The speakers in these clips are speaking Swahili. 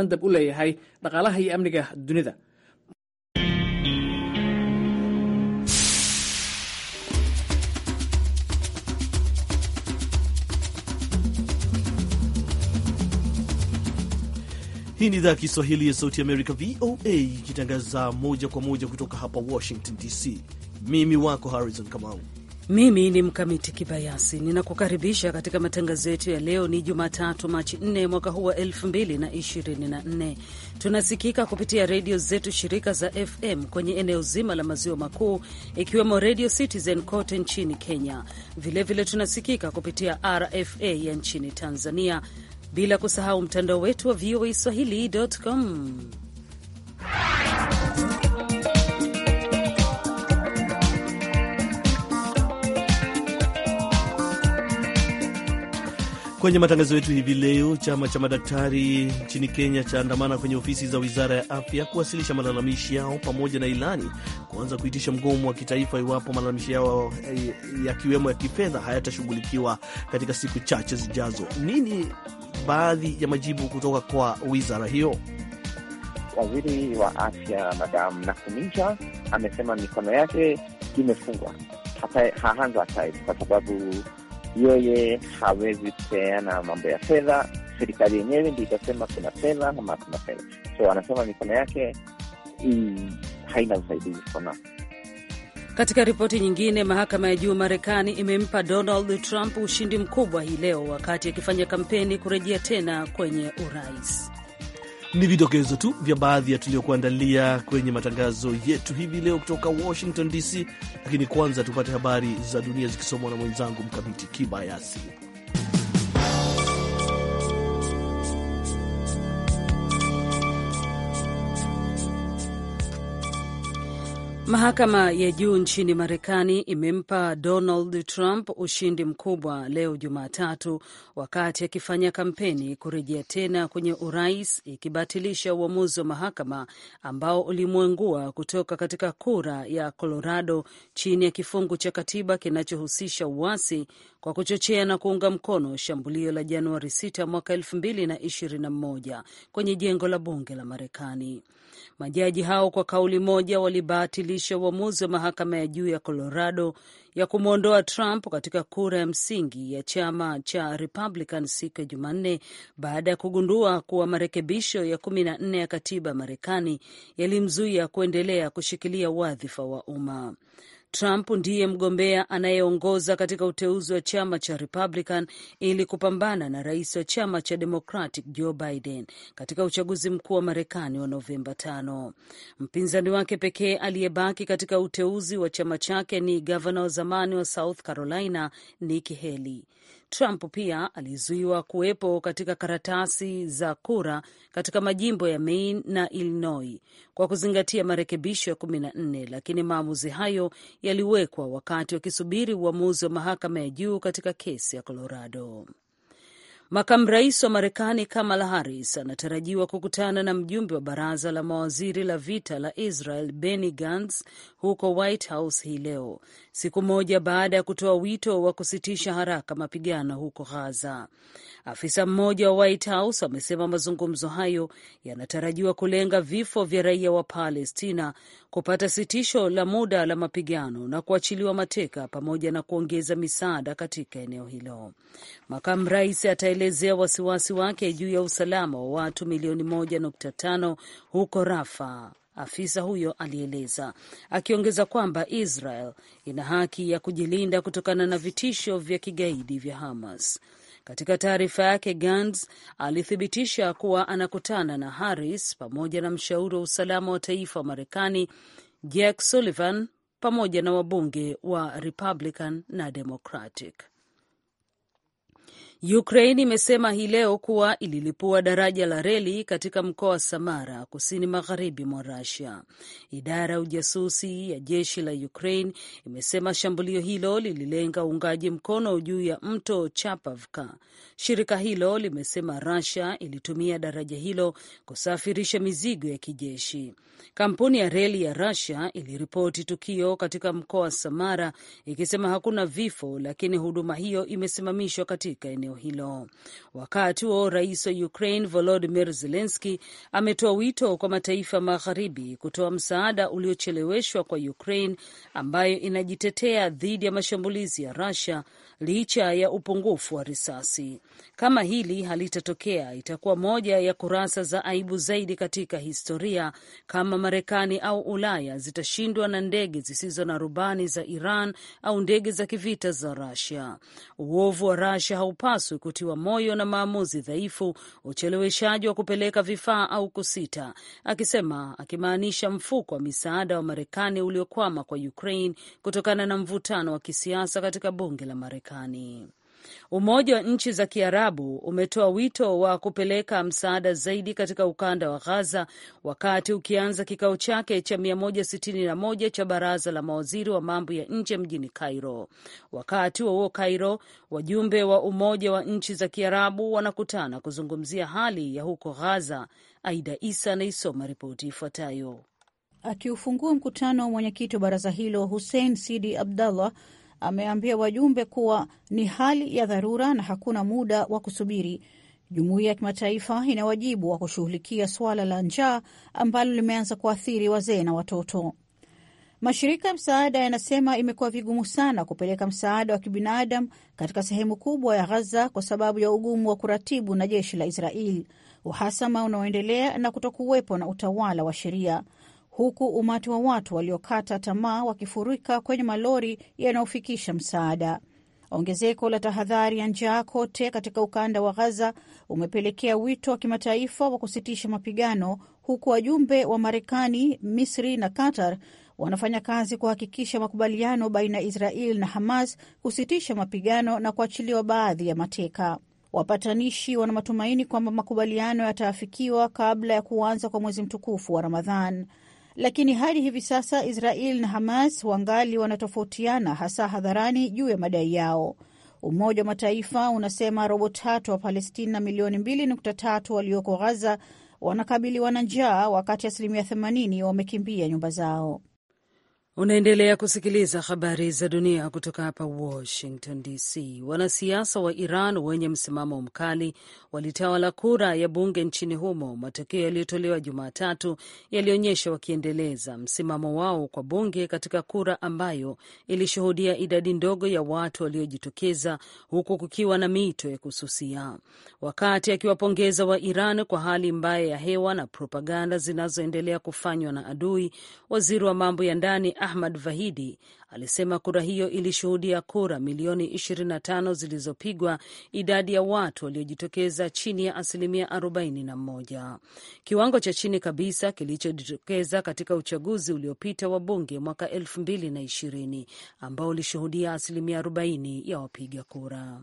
mandab u leeyahay dhaqaalaha iyo amniga dunida. Hii ni idhaa ya Kiswahili ya Sauti Amerika, VOA, ikitangaza moja kwa moja kutoka hapa Washington DC. Mimi wako Harrison Kamau mimi ni Mkamiti Kibayasi, ninakukaribisha katika matangazo yetu ya leo. Ni Jumatatu, Machi 4 mwaka huu wa 2024. Tunasikika kupitia redio zetu shirika za FM kwenye eneo zima la maziwa makuu, ikiwemo Redio Citizen kote nchini Kenya. Vilevile vile tunasikika kupitia RFA ya nchini Tanzania, bila kusahau mtandao wetu wa VOA swahili.com Kwenye matangazo yetu hivi leo, chama cha madaktari nchini Kenya chaandamana kwenye ofisi za wizara ya afya kuwasilisha malalamishi yao pamoja na ilani kuanza kuitisha mgomo wa kitaifa iwapo malalamishi yao eh, yakiwemo ya kifedha hayatashughulikiwa katika siku chache zijazo. Nini baadhi ya majibu kutoka kwa wizara hiyo? Waziri wa afya Madam Nakuminja amesema mikono yake imefungwa, haanza kwa sababu yeye hawezi kupeana mambo ya fedha. Serikali yenyewe ndi itasema kuna fedha ama hakuna fedha, so anasema mikono yake haina usaidizi kona. Katika ripoti nyingine, mahakama ya juu Marekani imempa Donald Trump ushindi mkubwa hii leo wakati akifanya kampeni kurejea tena kwenye urais ni vidokezo tu vya baadhi ya tuliokuandalia kwenye matangazo yetu hivi leo kutoka Washington DC, lakini kwanza tupate habari za dunia zikisomwa na mwenzangu Mkamiti Kibayasi. Mahakama ya juu nchini Marekani imempa Donald Trump ushindi mkubwa leo Jumatatu, wakati akifanya kampeni kurejea tena kwenye urais, ikibatilisha uamuzi wa mahakama ambao ulimwangua kutoka katika kura ya Colorado chini ya kifungu cha katiba kinachohusisha uasi kwa kuchochea na kuunga mkono shambulio la Januari 6 mwaka 2021 kwenye jengo la bunge la Marekani. Majaji hao kwa kauli moja walibatilisha uamuzi wa mahakama ya juu ya Colorado ya kumwondoa Trump katika kura ya msingi ya chama cha Republican siku ya Jumanne baada ya kugundua kuwa marekebisho ya kumi na nne ya katiba ya Marekani yalimzuia kuendelea kushikilia wadhifa wa umma. Trump ndiye mgombea anayeongoza katika uteuzi wa chama cha Republican ili kupambana na rais wa chama cha Democratic Joe Biden katika uchaguzi mkuu wa Marekani wa Novemba tano. Mpinzani wake pekee aliyebaki katika uteuzi wa chama chake ni gavana wa zamani wa South Carolina Nikki Haley. Trump pia alizuiwa kuwepo katika karatasi za kura katika majimbo ya Maine na Illinois kwa kuzingatia marekebisho ya na nne, lakini maamuzi hayo yaliwekwa wakati wakisubiri uamuzi wa mahakama ya juu katika kesi ya Colorado. Makamu rais wa Marekani Kamala Harris anatarajiwa kukutana na mjumbe wa baraza la mawaziri la vita la Israel Benny Gantz huko White House hii leo, siku moja baada ya kutoa wito wa kusitisha haraka mapigano huko Gaza. Afisa mmoja wa White House amesema mazungumzo hayo yanatarajiwa kulenga vifo vya raia wa Palestina, kupata sitisho la muda la mapigano na kuachiliwa mateka, pamoja na kuongeza misaada katika eneo hilo. Makamu rais ata ameelezea wasiwasi wake juu ya usalama wa watu milioni moja nukta tano huko Rafa. Afisa huyo alieleza akiongeza kwamba Israel ina haki ya kujilinda kutokana na vitisho vya kigaidi vya Hamas. Katika taarifa yake, Gantz alithibitisha kuwa anakutana na Harris pamoja na mshauri wa usalama wa taifa wa Marekani Jack Sullivan pamoja na wabunge wa Republican na Democratic. Ukraine imesema hii leo kuwa ililipua daraja la reli katika mkoa wa Samara, kusini magharibi mwa Russia. Idara ya ujasusi ya jeshi la Ukraine imesema shambulio hilo lililenga uungaji mkono juu ya mto Chapavka. Shirika hilo limesema Russia ilitumia daraja hilo kusafirisha mizigo ya kijeshi. Kampuni ya reli ya Russia iliripoti tukio katika mkoa wa Samara ikisema hakuna vifo, lakini huduma hiyo imesimamishwa katika eneo eneo hilo. Wakati huo rais wa Ukraine Volodimir Zelenski ametoa wito kwa mataifa magharibi kutoa msaada uliocheleweshwa kwa Ukraine ambayo inajitetea dhidi ya mashambulizi ya rasia licha ya upungufu wa risasi. Kama hili halitatokea, itakuwa moja ya kurasa za aibu zaidi katika historia kama Marekani au Ulaya zitashindwa na ndege zisizo na rubani za Iran au ndege za kivita za rasia Uovu wa rasia haupa hawapaswi kutiwa moyo na maamuzi dhaifu, ucheleweshaji wa kupeleka vifaa au kusita, akisema akimaanisha mfuko wa misaada wa Marekani uliokwama kwa Ukraine kutokana na mvutano wa kisiasa katika bunge la Marekani. Umoja wa Nchi za Kiarabu umetoa wito wa kupeleka msaada zaidi katika ukanda wa ghaza wakati ukianza kikao chake cha 161 cha baraza la mawaziri wa mambo ya nje mjini Cairo. Wakati wa huo Cairo, wajumbe wa Umoja wa Nchi za Kiarabu wanakutana kuzungumzia hali ya huko ghaza Aida Isa anaisoma ripoti ifuatayo. Akiufungua mkutano wa mwenyekiti wa baraza hilo Hussein Sidi Abdallah ameambia wajumbe kuwa ni hali ya dharura na hakuna muda wa kusubiri. Jumuiya ya kimataifa ina wajibu wa kushughulikia suala la njaa ambalo limeanza kuathiri wazee na watoto. Mashirika ya msaada yanasema imekuwa vigumu sana kupeleka msaada wa kibinadamu katika sehemu kubwa ya Ghaza kwa sababu ya ugumu wa kuratibu na jeshi la Israeli, uhasama unaoendelea na kutokuwepo na utawala wa sheria huku umati wa watu waliokata tamaa wakifurika kwenye malori yanayofikisha msaada. Ongezeko la tahadhari ya njaa kote katika ukanda wa Gaza umepelekea wito wa kimataifa wa kusitisha mapigano, huku wajumbe wa Marekani, Misri na Qatar wanafanya kazi kuhakikisha makubaliano baina ya Israel na Hamas kusitisha mapigano na kuachiliwa baadhi ya mateka. Wapatanishi wana matumaini kwamba makubaliano yataafikiwa kabla ya kuanza kwa mwezi mtukufu wa Ramadhan lakini hadi hivi sasa Israel na Hamas wangali wanatofautiana, hasa hadharani, juu ya madai yao. Umoja wa Mataifa unasema robo tatu wa Palestina milioni 2.3 walioko Ghaza wanakabiliwa na njaa, wakati asilimia 80 wamekimbia nyumba zao. Unaendelea kusikiliza habari za dunia kutoka hapa Washington DC. Wanasiasa wa Iran wenye msimamo mkali walitawala kura ya bunge nchini humo, matokeo yaliyotolewa Jumatatu yalionyesha wakiendeleza msimamo wao kwa bunge katika kura ambayo ilishuhudia idadi ndogo ya watu waliojitokeza, huku kukiwa na miito ya kususia. Wakati akiwapongeza wa Iran kwa hali mbaya ya hewa na propaganda zinazoendelea kufanywa na adui, waziri wa mambo ya ndani Ahmad Vahidi alisema kura hiyo ilishuhudia kura milioni 25 zilizopigwa, idadi ya watu waliojitokeza chini ya asilimia 41, kiwango cha chini kabisa kilichojitokeza katika uchaguzi uliopita wa bunge mwaka 2020 ambao ulishuhudia asilimia 40 ya wapiga kura.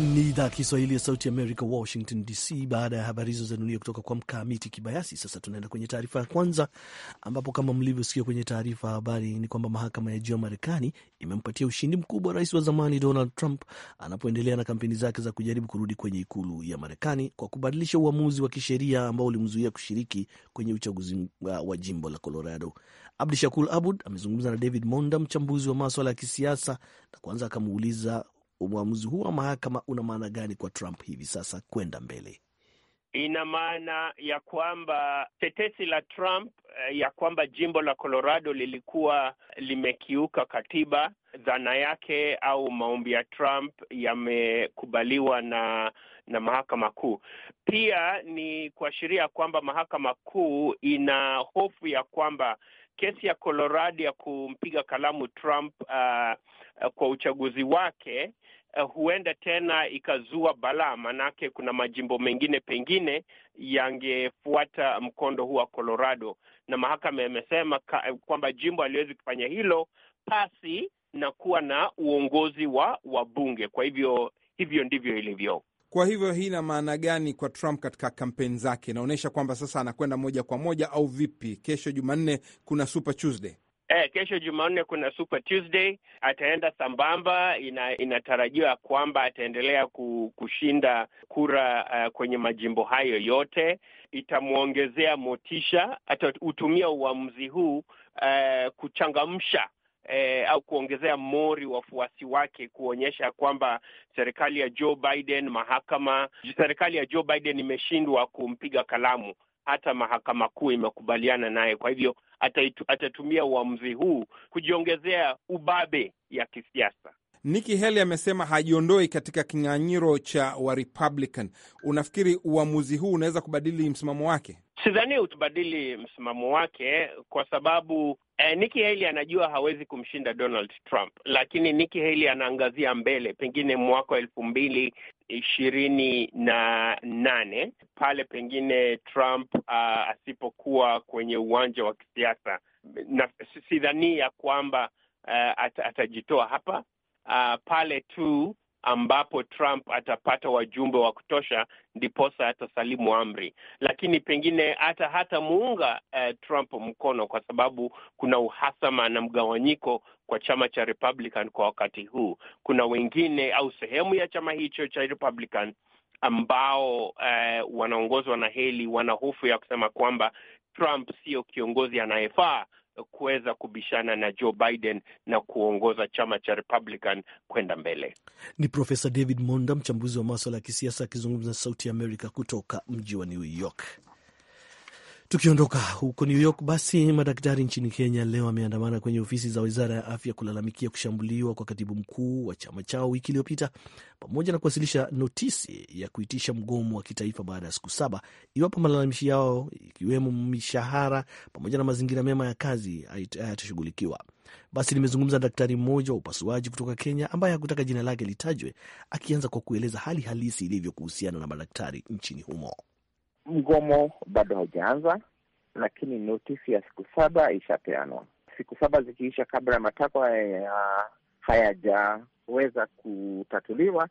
Ni idhaa ya Kiswahili ya Sauti Amerika, Washington DC. Baada ya habari hizo za dunia kutoka kwa Mkamiti Kibayasi, sasa tunaenda kwenye taarifa ya kwanza, ambapo kama mlivyosikia kwenye taarifa ya habari ni kwamba mahakama ya juu ya Marekani imempatia ushindi mkubwa rais wa zamani Donald Trump anapoendelea na kampeni zake za kujaribu kurudi kwenye ikulu ya Marekani kwa kubadilisha uamuzi wa kisheria ambao ulimzuia kushiriki kwenye uchaguzi wa jimbo la Colorado. Abdi Shakur Abud amezungumza na David Monda, mchambuzi wa maswala ya kisiasa, na kwanza akamuuliza Umwamuzi huu wa mahakama una maana gani kwa Trump hivi sasa kwenda mbele? Ina maana ya kwamba tetesi la Trump eh, ya kwamba jimbo la Colorado lilikuwa limekiuka katiba, dhana yake au maombi ya Trump yamekubaliwa na na mahakama kuu. Pia ni kuashiria kwamba mahakama kuu ina hofu ya kwamba kesi ya Colorado ya kumpiga kalamu Trump uh, Eh, kwa uchaguzi wake eh, huenda tena ikazua balaa, manake kuna majimbo mengine pengine yangefuata mkondo huu wa Colorado, na mahakama yamesema eh, kwamba jimbo haliwezi kufanya hilo pasi na kuwa na uongozi wa wabunge. Kwa hivyo hivyo ndivyo ilivyo. Kwa hivyo hii ina maana gani kwa Trump katika kampeni zake? Inaonyesha kwamba sasa anakwenda moja kwa moja au vipi? Kesho Jumanne kuna Super Tuesday. Eh, kesho Jumanne kuna Super Tuesday, ataenda sambamba. Ina, inatarajiwa kwamba ataendelea kushinda kura uh, kwenye majimbo hayo yote. Itamwongezea motisha, atahutumia uamuzi huu uh, kuchangamsha uh, au kuongezea mori wafuasi wake kuonyesha kwamba serikali ya Joe Biden, mahakama, serikali ya Joe Biden imeshindwa kumpiga kalamu, hata mahakama kuu imekubaliana naye. Kwa hivyo ataitu, atatumia uamuzi huu kujiongezea ubabe ya kisiasa. Nikki Haley amesema hajiondoi katika kinyang'anyiro cha wa Republican. Unafikiri uamuzi huu unaweza kubadili msimamo wake? Sidhani utabadili msimamo wake kwa sababu eh, Nikki Haley anajua hawezi kumshinda Donald Trump, lakini Nikki Haley anaangazia mbele, pengine mwaka wa elfu mbili ishirini na nane pale pengine Trump uh, asipokuwa kwenye uwanja wa kisiasa, na sidhani ya kwamba uh, at, atajitoa hapa uh, pale tu ambapo Trump atapata wajumbe wa kutosha ndiposa atasalimu amri, lakini pengine hata hata muunga eh, Trump mkono kwa sababu kuna uhasama na mgawanyiko kwa chama cha Republican kwa wakati huu. Kuna wengine au sehemu ya chama hicho cha Republican ambao eh, wanaongozwa na Haley wana hofu ya kusema kwamba Trump sio kiongozi anayefaa kuweza kubishana na Joe Biden na kuongoza chama cha Republican kwenda mbele. Ni Profesa David Monda, mchambuzi wa maswala ya kisiasa akizungumza na Sauti ya Amerika kutoka mji wa New York. Tukiondoka huko New York, basi madaktari nchini Kenya leo wameandamana kwenye ofisi za wizara ya afya kulalamikia kushambuliwa kwa katibu mkuu wa chama chao wiki iliyopita, pamoja na kuwasilisha notisi ya kuitisha mgomo wa kitaifa baada ya siku saba iwapo malalamishi yao ikiwemo mishahara pamoja na mazingira mema ya kazi hayatashughulikiwa. Basi nimezungumza na daktari mmoja wa upasuaji kutoka Kenya ambaye hakutaka jina lake litajwe, akianza kwa kueleza hali halisi ilivyo kuhusiana na madaktari nchini humo mgomo bado haujaanza, lakini notisi ya siku saba ishapeanwa. Siku saba zikiisha, kabla ya matakwa ya hayajaweza kutatuliwa,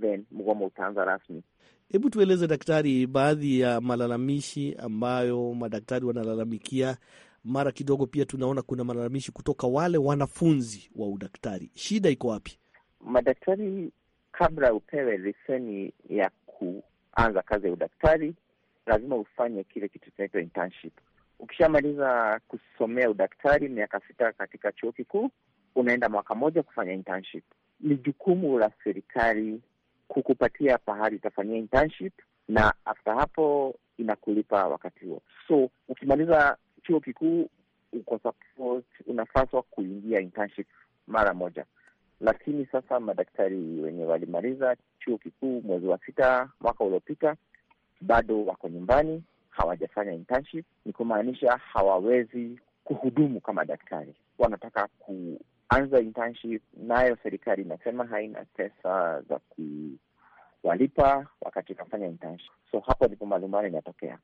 then mgomo utaanza rasmi. Hebu tueleze daktari, baadhi ya malalamishi ambayo madaktari wanalalamikia. Mara kidogo pia tunaona kuna malalamishi kutoka wale wanafunzi wa udaktari. Shida iko wapi? Madaktari kabla upewe leseni ya kuanza kazi ya udaktari lazima ufanye kile kitu kinaitwa internship. Ukishamaliza kusomea udaktari miaka sita katika chuo kikuu, unaenda mwaka moja kufanya internship. Ni jukumu la serikali kukupatia pahali utafanyia internship, na after hapo inakulipa wakati huo. So ukimaliza chuo kikuu uko support, unapaswa kuingia internship mara moja. Lakini sasa madaktari wenye walimaliza chuo kikuu mwezi wa sita mwaka uliopita bado wako nyumbani, hawajafanya internship, ni kumaanisha hawawezi kuhudumu kama daktari. Wanataka kuanza internship, nayo serikali inasema haina pesa za kuwalipa wakati unafanya internship. So hapo ndipo malumbano inatokea.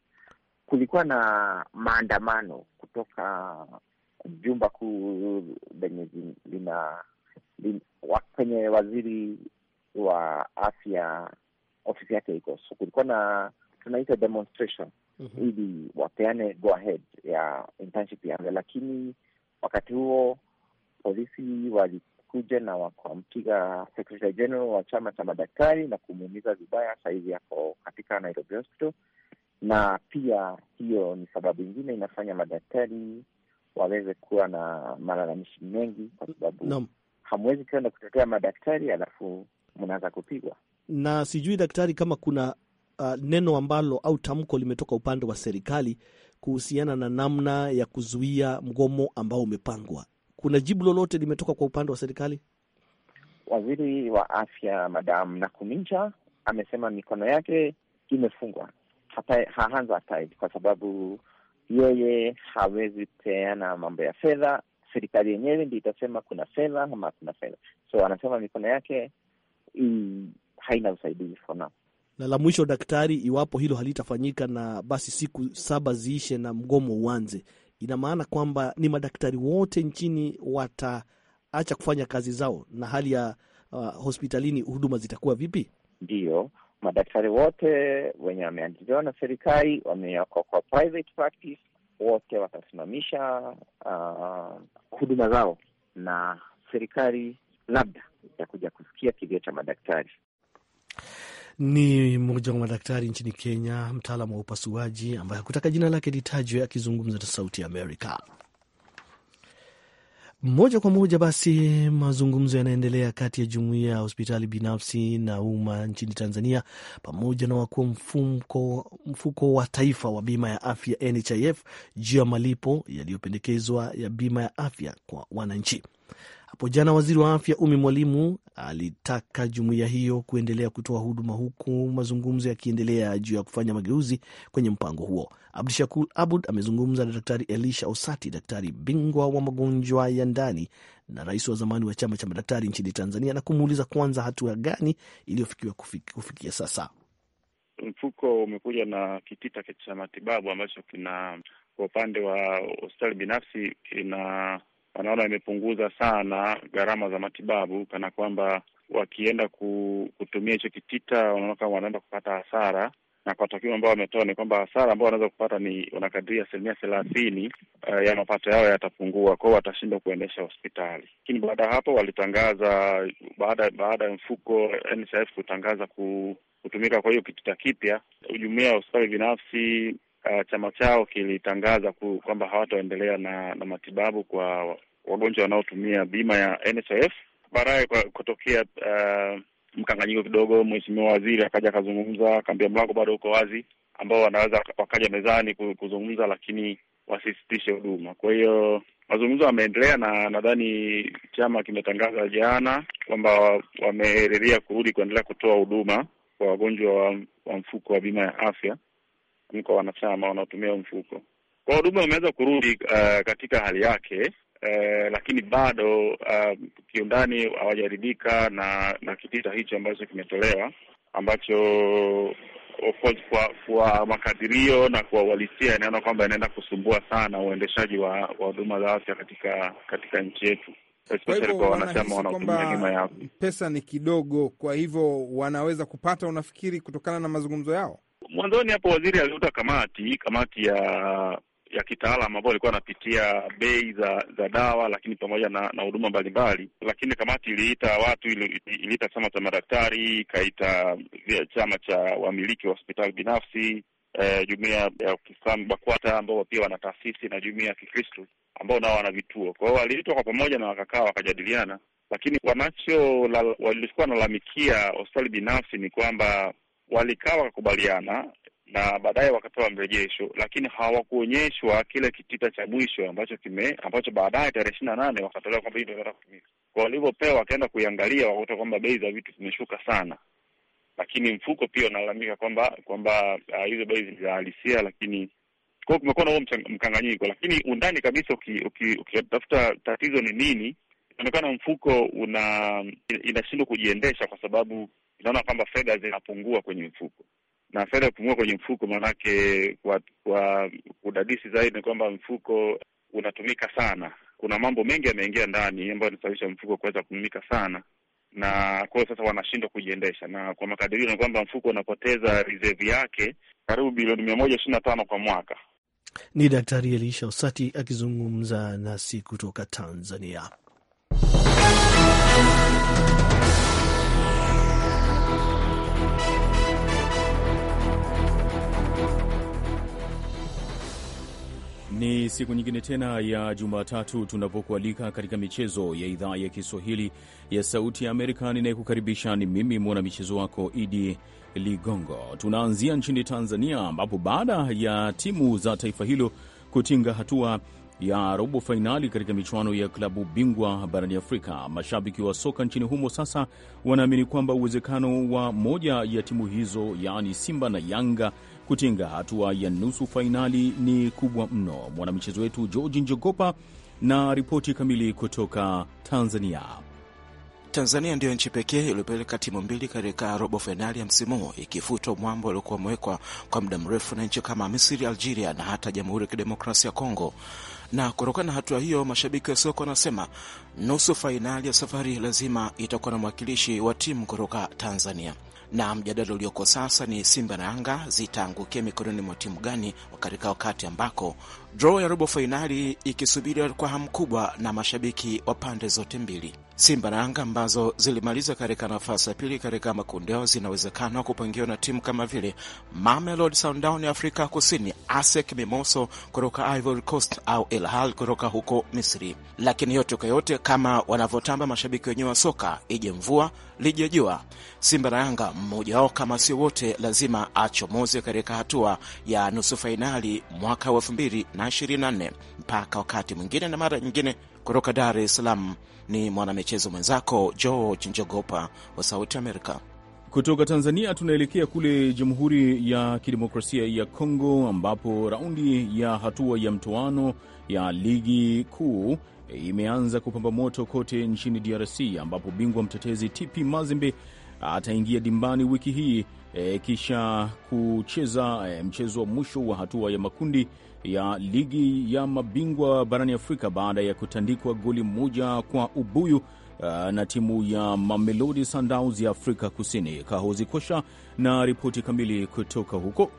Kulikuwa na maandamano kutoka jumba kuu lenye lina kwenye waziri wa afya ofisi yake iko. So kulikuwa na tunaita demonstration mm -hmm. ili wapeane go ahead ya internship yanze, lakini wakati huo polisi walikuja na wakampiga secretary general wa chama cha madaktari na kumuumiza vibaya. Sahizi yako katika Nairobi Hospital, na pia hiyo ni sababu ingine inafanya madaktari waweze kuwa na malalamishi mengi, kwa sababu no. hamwezi kwenda kutetea madaktari alafu mnaanza kupigwa. Na sijui daktari, kama kuna uh, neno ambalo au tamko limetoka upande wa serikali kuhusiana na namna ya kuzuia mgomo ambao umepangwa. Kuna jibu lolote limetoka kwa upande wa serikali? Waziri wa afya Madam Nakuminja amesema mikono yake imefungwa, hahanza kwa sababu yeye hawezi peana mambo ya fedha. Serikali yenyewe ndi itasema kuna fedha ama hakuna fedha, so anasema mikono yake i, mm, haina usaidizi for now na la mwisho, daktari, iwapo hilo halitafanyika na basi siku saba ziishe na mgomo uanze, ina maana kwamba ni madaktari wote nchini wataacha kufanya kazi zao, na hali ya uh, hospitalini huduma zitakuwa vipi? Ndiyo, madaktari wote wenye wameandiliwa na serikali wamewekwa kwa private practice, wote watasimamisha uh, huduma zao, na serikali labda itakuja kusikia kilio cha madaktari. Ni mmoja wa madaktari nchini Kenya, mtaalamu wa upasuaji ambaye hakutaka jina lake litajwe, akizungumza na Sauti ya Amerika. Moja kwa moja basi, mazungumzo yanaendelea kati ya jumuiya ya hospitali binafsi na umma nchini Tanzania pamoja na wakuu mfuko, mfuko wa taifa wa bima ya afya NHIF juu ya malipo yaliyopendekezwa ya bima ya afya kwa wananchi. Hapo jana waziri wa afya Umi Mwalimu alitaka jumuiya hiyo kuendelea kutoa huduma huku mazungumzo yakiendelea juu ya kufanya mageuzi kwenye mpango huo. Abdu Abud amezungumza na Daktari Elisha Osati, daktari bingwa wa magonjwa ya ndani na rais wa zamani wa chama cha madaktari nchini Tanzania, na kumuuliza kwanza hatua gani iliyofikiwa kufikia sasa. Mfuko umekuja na kitita cha matibabu ambacho kina, kwa upande wa hospitali binafsi, ina wanaona imepunguza sana gharama za matibabu, kana kwamba wakienda kutumia hicho kitita wanaona kama wanaenda kupata hasara na kwa takwimu ambao wametoa ni kwamba hasara ambao wanaweza kupata ni wanakadiria asilimia thelathini uh, ya mapato yao yatapungua, kwao watashindwa kuendesha hospitali. Lakini baada ya hapo walitangaza, baada baada ya mfuko NSF kutangaza kutumika kwa hiyo kitita kipya, jumuia ya hospitali binafsi uh, chama chao kilitangaza kwamba hawataendelea na, na matibabu kwa wagonjwa wanaotumia bima ya NHIF. Baadaye kutokea uh, mkanganyiko kidogo, mheshimiwa waziri akaja akazungumza, akaambia mlango bado uko wazi, ambao wanaweza wakaja mezani kuzungumza, lakini wasisitishe huduma. Kwa hiyo mazungumzo yameendelea na nadhani chama kimetangaza jana kwamba wameridhia kurudi kuendelea kutoa huduma kwa wagonjwa wa mfuko wa bima ya afya kuliko wanachama wanaotumia mfuko. Kwa huduma wameweza kurudi uh, katika hali yake uh, lakini bado uh, kiundani hawajaridhika na na kitita hicho ambacho kimetolewa ambacho of course kwa kwa makadirio na kwa uhalisia inaona kwamba inaenda kusumbua sana uendeshaji wa huduma za afya katika katika nchi yetu, especially kwa wanachama wanaotumia bima ya afya. Pesa ni kidogo, kwa hivyo wanaweza kupata, unafikiri kutokana na mazungumzo yao Mwanzoni hapo waziri aliuta kamati kamati ya ya kitaalam ambao alikuwa anapitia bei za za dawa lakini pamoja na na huduma mbalimbali, lakini kamati iliita watu, iliita chama cha madaktari, ikaita eh, chama cha wamiliki wa hospitali binafsi, eh, jumuia ya Kiislamu BAKWATA ambao pia wana taasisi na jumuia ya kikristu ambao nao wana vituo. Kwa hiyo waliitwa kwa pamoja na wakakaa wakajadiliana, lakini wanacho walichokuwa wanalalamikia hospitali binafsi ni kwamba walikaa wakakubaliana na baadaye wakapewa mrejesho, lakini hawakuonyeshwa kile kitita cha mwisho ambacho kime ambacho baadaye tarehe ishirini na nane wakatolewa kwamba hivyo ndio kutumika. Kwa walivyopewa wakaenda kuiangalia, wakakuta kwamba bei za vitu zimeshuka sana, lakini mfuko pia unalalamika kwamba kwamba uh, hizo uh, bei za halisia, lakini kwao kumekuwa na huo mkanganyiko. Lakini undani kabisa ukitafuta uki, uki, tatizo ni nini, inaonekana mfuko una inashindwa kujiendesha kwa sababu tunaona kwamba fedha zinapungua kwenye mfuko, na fedha kupungua kwenye mfuko maanake, kwa kwa udadisi zaidi ni kwamba mfuko unatumika sana. Kuna mambo mengi yameingia ndani ambayo yanasababisha mfuko kuweza kutumika sana, na kwa hiyo sasa wanashindwa kujiendesha, na kwa makadirio ni kwamba mfuko unapoteza reserve yake karibu bilioni mia moja ishirini na tano kwa mwaka. Ni Daktari Elisha Usati akizungumza nasi kutoka Tanzania. Ni siku nyingine tena ya Jumatatu tunapokualika katika michezo ya idhaa ya Kiswahili ya Sauti ya Amerika. Ninayekukaribisha ni mimi mwanamichezo wako Idi Ligongo. Tunaanzia nchini Tanzania, ambapo baada ya timu za taifa hilo kutinga hatua ya robo fainali katika michuano ya klabu bingwa barani Afrika. Mashabiki wa soka nchini humo sasa wanaamini kwamba uwezekano wa moja ya timu hizo, yaani Simba na Yanga, kutinga hatua ya nusu fainali ni kubwa mno. Mwanamichezo wetu Georgi Njogopa na ripoti kamili kutoka Tanzania. Tanzania ndiyo nchi pekee iliyopeleka timu mbili katika robo fainali ya msimu huu ikifuta mwambo uliokuwa umewekwa kwa muda mrefu na nchi kama Misri, Algeria na hata Jamhuri ya Kidemokrasia ya Kongo na kutokana na hatua hiyo, mashabiki wa soka wanasema nusu fainali ya safari lazima itakuwa na mwakilishi wa timu kutoka Tanzania na mjadala ulioko sasa ni Simba na Yanga zitaangukia mikononi mwa timu gani katika wakati ambako draw ya robo fainali ikisubiriwa kwa hamu kubwa na mashabiki wa pande zote mbili. Simba na Yanga ambazo zilimaliza katika nafasi ya pili katika makundi yao zinawezekana kupangiwa na timu kama vile Mamelodi Sundowns ya Afrika Kusini, ASEC Mimoso kutoka Ivory Coast au El kutoka huko Misri. Lakini yote kwa yote, kama wanavyotamba mashabiki wenyewe wa soka, ije mvua lije jua, Simba na Yanga mmoja wao kama sio wote lazima achomoze katika hatua ya nusu fainali mwaka wa 2024. Mpaka wakati mwingine na mara nyingine, kutoka Dar es Salaam ni mwanamichezo mwenzako George Njogopa wa Sauti Amerika. Kutoka Tanzania tunaelekea kule Jamhuri ya Kidemokrasia ya Kongo, ambapo raundi ya hatua ya mtoano ya ligi kuu imeanza kupamba moto kote nchini DRC, ambapo bingwa mtetezi TP Mazembe ataingia dimbani wiki hii e, kisha kucheza e, mchezo wa mwisho wa hatua ya makundi ya ligi ya mabingwa barani Afrika baada ya kutandikwa goli moja kwa ubuyu e, na timu ya Mamelodi Sundowns ya Afrika Kusini. Kahozi Kosha na ripoti kamili kutoka huko.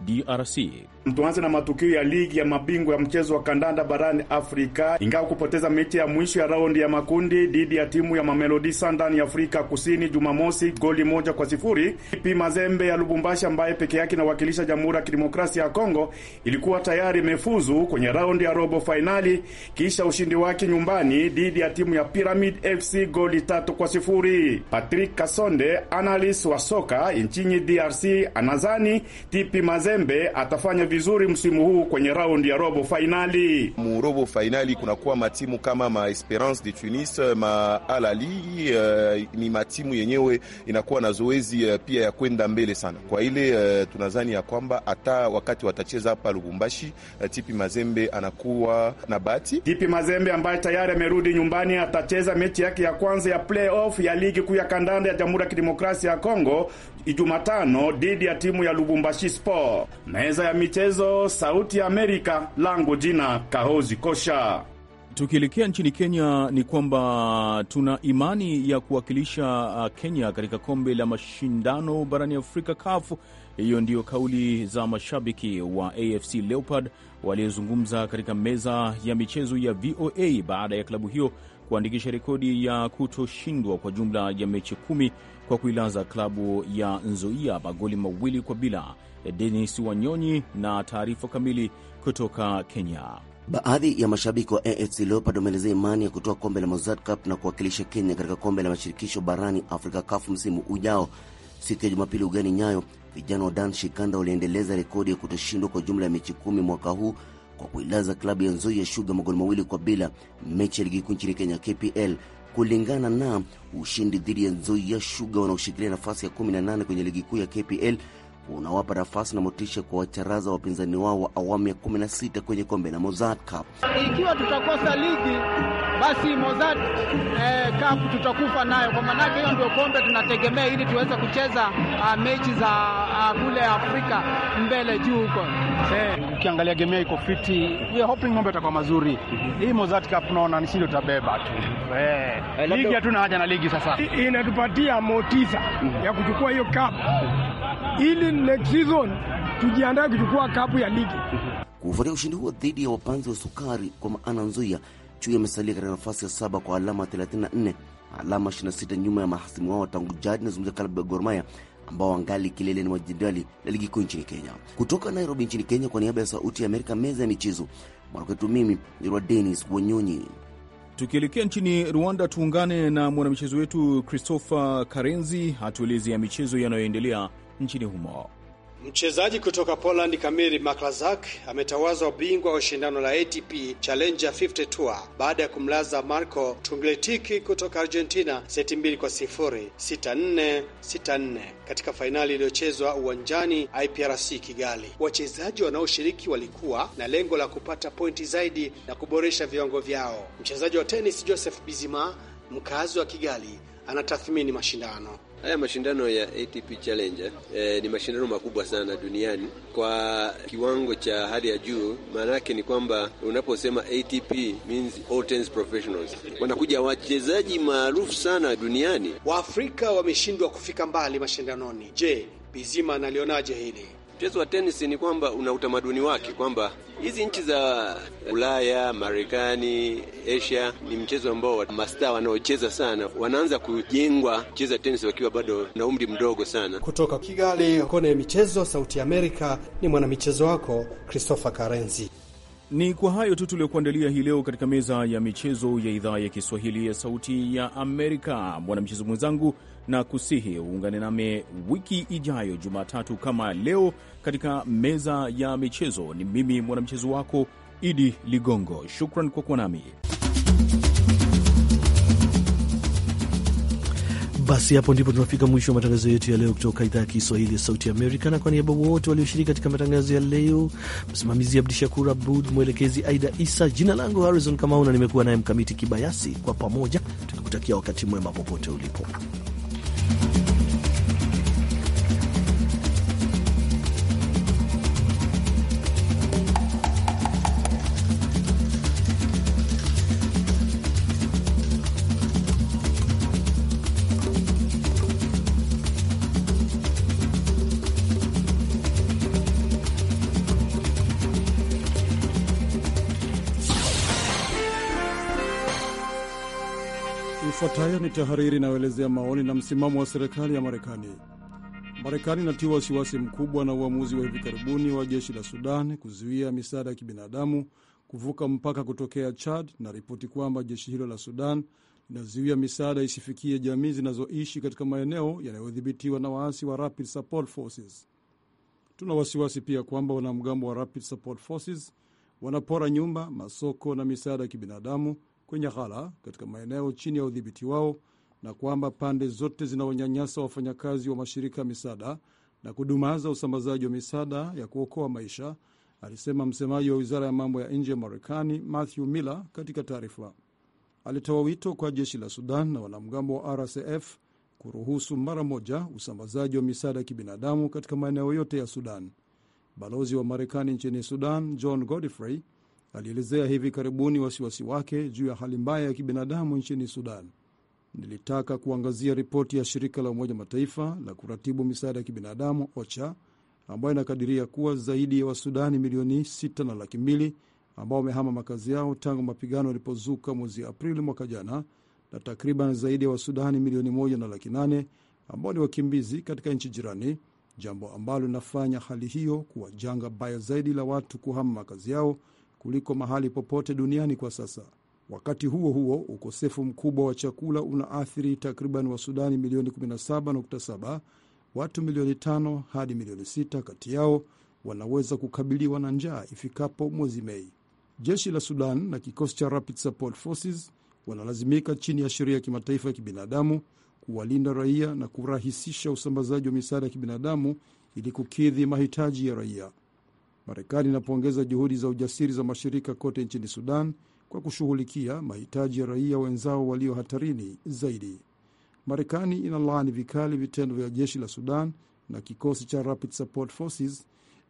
DRC. Tuanze na matukio ya ligi ya mabingwa ya mchezo wa kandanda barani Afrika. Ingawa kupoteza mechi ya mwisho ya raundi ya makundi dhidi ya timu ya Mamelodi Sundowns ya Afrika Kusini Jumamosi goli moja kwa sifuri, Ipi Mazembe ya Lubumbashi ambaye peke yake inawakilisha Jamhuri ya Kidemokrasia ya Kongo ilikuwa tayari imefuzu kwenye raundi ya robo fainali kisha ushindi wake nyumbani dhidi ya timu ya Pyramid FC goli tatu kwa sifuri. Patrick Kasonde, analis wa soka nchini DRC, anazani Tipi Mazembe Mazembe atafanya vizuri msimu huu kwenye raundi ya robo fainali. Murobo fainali kunakuwa matimu kama ma Esperance de Tunis, ma Al Ahly. Uh, eh, ni matimu yenyewe inakuwa na zoezi uh, pia ya kwenda mbele sana kwa ile uh, tunazani ya kwamba hata wakati watacheza hapa Lubumbashi uh, Tipi Mazembe anakuwa na bati. Tipi Mazembe ambaye tayari amerudi nyumbani atacheza mechi yake ya kwanza ya playoff ya ligi kuu ya kandanda ya Jamhuri ya Kidemokrasia ya Kongo Ijumatano dhidi ya timu ya Lubumbashi Sport. Meza ya michezo, Sauti ya Amerika, langu jina Kahozi Kosha. Tukielekea nchini Kenya ni kwamba tuna imani ya kuwakilisha uh, Kenya katika kombe la mashindano barani Afrika, CAF. Hiyo ndiyo kauli za mashabiki wa AFC Leopard waliozungumza katika meza ya michezo ya VOA baada ya klabu hiyo kuandikisha rekodi ya kutoshindwa kwa jumla ya mechi kumi kwa kuilaza klabu ya Nzoia magoli mawili kwa bila. Denis Wanyonyi na taarifa kamili kutoka Kenya. Baadhi ya mashabiki wa AFC Leopards wameelezea imani ya kutoa kombe la Mozart Cup na kuwakilisha Kenya katika kombe la mashirikisho barani Afrika CAF msimu ujao. Siku ya Jumapili ugani Nyayo, vijana wa Dan Shikanda waliendeleza rekodi ya kutoshindwa kwa jumla ya mechi kumi mwaka huu kwa kuilaza klabu ya Nzoia shuga magoli mawili kwa bila, mechi ya ligi kuu nchini Kenya KPL kulingana na ushindi dhidi ya Nzoia shuga wanaoshikilia nafasi ya 18 kwenye ligi kuu ya KPL unawapa nafasi na motisha kwa wacharaza wapinzani wao wa awamu ya 16 kwenye kombe la Mozart Cup. Ikiwa tutakosa ligi, basi Mozart eh, Cup tutakufa nayo, kwa maanake hiyo ndio kombe tunategemea ili tuweze kucheza uh, mechi za uh, kule Afrika mbele juu huko. Eh, ukiangalia gemea iko fiti, we hoping mambo yatakuwa mazuri. Mhm. Hii Mozart Cup naona nishindo tabeba tu, eh, eh, ligi hatuna haja na ligi sasa. Inatupatia motisa mhm. ya kuchukua hiyo cup mhm. ili next season tujiandae kuchukua kapu ya ligi. Kufuatia ushindi huo dhidi ya wapanzi wa sukari kwa maana Nzoia, Chui amesalia katika nafasi ya saba kwa alama 34, alama 26 nyuma ya mahasimu wao tangu jadi. Nazungumzia klabu ya Gor Mahia ambao wangali kileleni mwa jedwali la ligi kuu nchini Kenya. Kutoka Nairobi nchini Kenya, kwa niaba ya Sauti ya Amerika, meza ya michezo, mwanakwetu mimi ni Rwa Denis Wanyonyi. Tukielekea nchini Rwanda, tuungane na mwanamichezo wetu Christopher Karenzi atueleze ya michezo yanayoendelea nchini humo. Mchezaji kutoka Poland Kamil Maklazak ametawazwa bingwa wa shindano la ATP Challenger 50 Tour baada ya kumlaza Marco Tungletiki kutoka Argentina seti mbili kwa sifuri, 6 katika fainali iliyochezwa uwanjani IPRC Kigali. Wachezaji wanaoshiriki walikuwa na lengo la kupata pointi zaidi na kuboresha viwango vyao. Mchezaji wa tenis Joseph Bizima, mkazi wa Kigali, anatathmini mashindano. Haya mashindano ya ATP Challenger eh, ni mashindano makubwa sana duniani kwa kiwango cha hali ya juu. Maana yake ni kwamba unaposema ATP means all tennis professionals, wanakuja wachezaji maarufu sana duniani. Waafrika wameshindwa kufika mbali mashindanoni. Je, Bizima analionaje hili? Mchezo wa tenisi ni kwamba una utamaduni wake, kwamba hizi nchi za Ulaya, Marekani, Asia ni mchezo ambao mastaa wanaocheza sana wanaanza kujengwa kucheza tenisi wakiwa bado na umri mdogo sana. Kutoka Kigali, kona ya michezo, Sauti ya Amerika, ni mwanamichezo wako Christopher Karenzi. Ni kwa hayo tu tuliokuandalia hii leo katika meza ya michezo ya idhaa ya Kiswahili ya Sauti ya Amerika. Mwanamchezo mwenzangu na kusihi uungane nami wiki ijayo Jumatatu kama leo katika meza ya michezo. Ni mimi mwanamchezo wako Idi Ligongo. Shukran kwa kuwa nami. Basi hapo ndipo tunafika mwisho wa matangazo yetu ya leo kutoka idhaa ya Kiswahili ya Sauti Amerika, na kwa niaba wote walioshiriki katika matangazo ya leo, msimamizi Abdi Shakur Abud, mwelekezi Aida Isa, jina langu Harrison Kamau na nimekuwa naye Mkamiti Kibayasi, kwa pamoja tukikutakia wakati mwema popote ulipo. ni tahariri inayoelezea maoni na msimamo wa serikali ya Marekani. Marekani inatiwa wasiwasi mkubwa na uamuzi wa hivi karibuni wa jeshi la Sudan kuzuia misaada ya kibinadamu kuvuka mpaka kutokea Chad na ripoti kwamba jeshi hilo la Sudan linazuia misaada isifikie jamii zinazoishi katika maeneo yanayodhibitiwa na waasi wa Rapid Support Forces. Tuna wasiwasi pia kwamba wanamgambo wa Rapid Support Forces wanapora nyumba, masoko na misaada ya kibinadamu kwenye ghala katika maeneo chini ya udhibiti wao na kwamba pande zote zinaonyanyasa wafanyakazi wa mashirika ya misaada na kudumaza usambazaji wa misaada ya kuokoa maisha, alisema msemaji wa wizara ya mambo ya nje ya Marekani Matthew Miller katika taarifa. Alitoa wito kwa jeshi la Sudan na wanamgambo wa RSF kuruhusu mara moja usambazaji wa misaada ya kibinadamu katika maeneo yote ya Sudan. Balozi wa Marekani nchini Sudan John Godfrey alielezea hivi karibuni wasiwasi wake juu ya hali mbaya ya kibinadamu nchini Sudan. Nilitaka kuangazia ripoti ya shirika la Umoja Mataifa la kuratibu misaada ya kibinadamu OCHA ambayo inakadiria kuwa zaidi ya Wasudani milioni sita na laki mbili ambao wamehama makazi yao tangu mapigano yalipozuka mwezi Aprili mwaka jana na takriban zaidi ya Wasudani milioni moja na laki nane ambao ni wakimbizi katika nchi jirani, jambo ambalo linafanya hali hiyo kuwa janga baya zaidi la watu kuhama makazi yao kuliko mahali popote duniani kwa sasa. Wakati huo huo, ukosefu mkubwa wa chakula unaathiri takriban Wasudani milioni 17.7. Watu milioni 5 hadi milioni 6 kati yao wanaweza kukabiliwa na njaa ifikapo mwezi Mei. Jeshi la Sudan na kikosi cha Rapid Support Forces wanalazimika chini ya sheria ya kimataifa ya kibinadamu kuwalinda raia na kurahisisha usambazaji wa misaada ya kibinadamu ili kukidhi mahitaji ya raia. Marekani inapongeza juhudi za ujasiri za mashirika kote nchini Sudan kwa kushughulikia mahitaji ya raia wenzao walio hatarini zaidi. Marekani inalaani vikali vitendo vya jeshi la Sudan na kikosi cha Rapid Support Forces,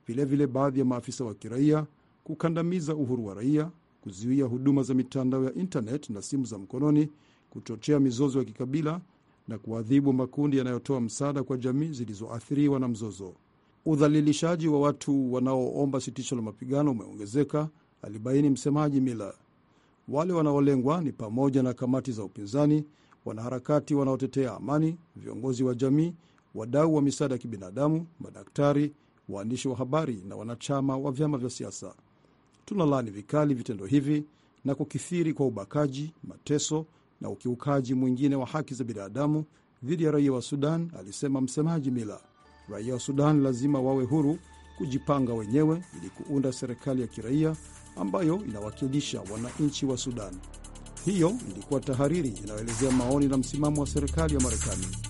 vilevile baadhi ya maafisa wa kiraia kukandamiza uhuru wa raia, kuzuia huduma za mitandao ya intanet na simu za mkononi, kuchochea mizozo ya kikabila na kuadhibu makundi yanayotoa msaada kwa jamii zilizoathiriwa na mzozo. Udhalilishaji wa watu wanaoomba sitisho la mapigano umeongezeka, alibaini msemaji mila Wale wanaolengwa ni pamoja na kamati za upinzani, wanaharakati wanaotetea amani, viongozi wa jamii, wadau wa misaada ya kibinadamu, madaktari, waandishi wa habari na wanachama wa vyama vya siasa. Tunalaani vikali vitendo hivi na kukithiri kwa ubakaji, mateso na ukiukaji mwingine wa haki za binadamu dhidi ya raia wa Sudan, alisema msemaji Mila. Raia wa Sudan lazima wawe huru kujipanga wenyewe ili kuunda serikali ya kiraia ambayo inawakilisha wananchi wa Sudan. Hiyo ilikuwa tahariri inayoelezea maoni na msimamo wa serikali ya Marekani.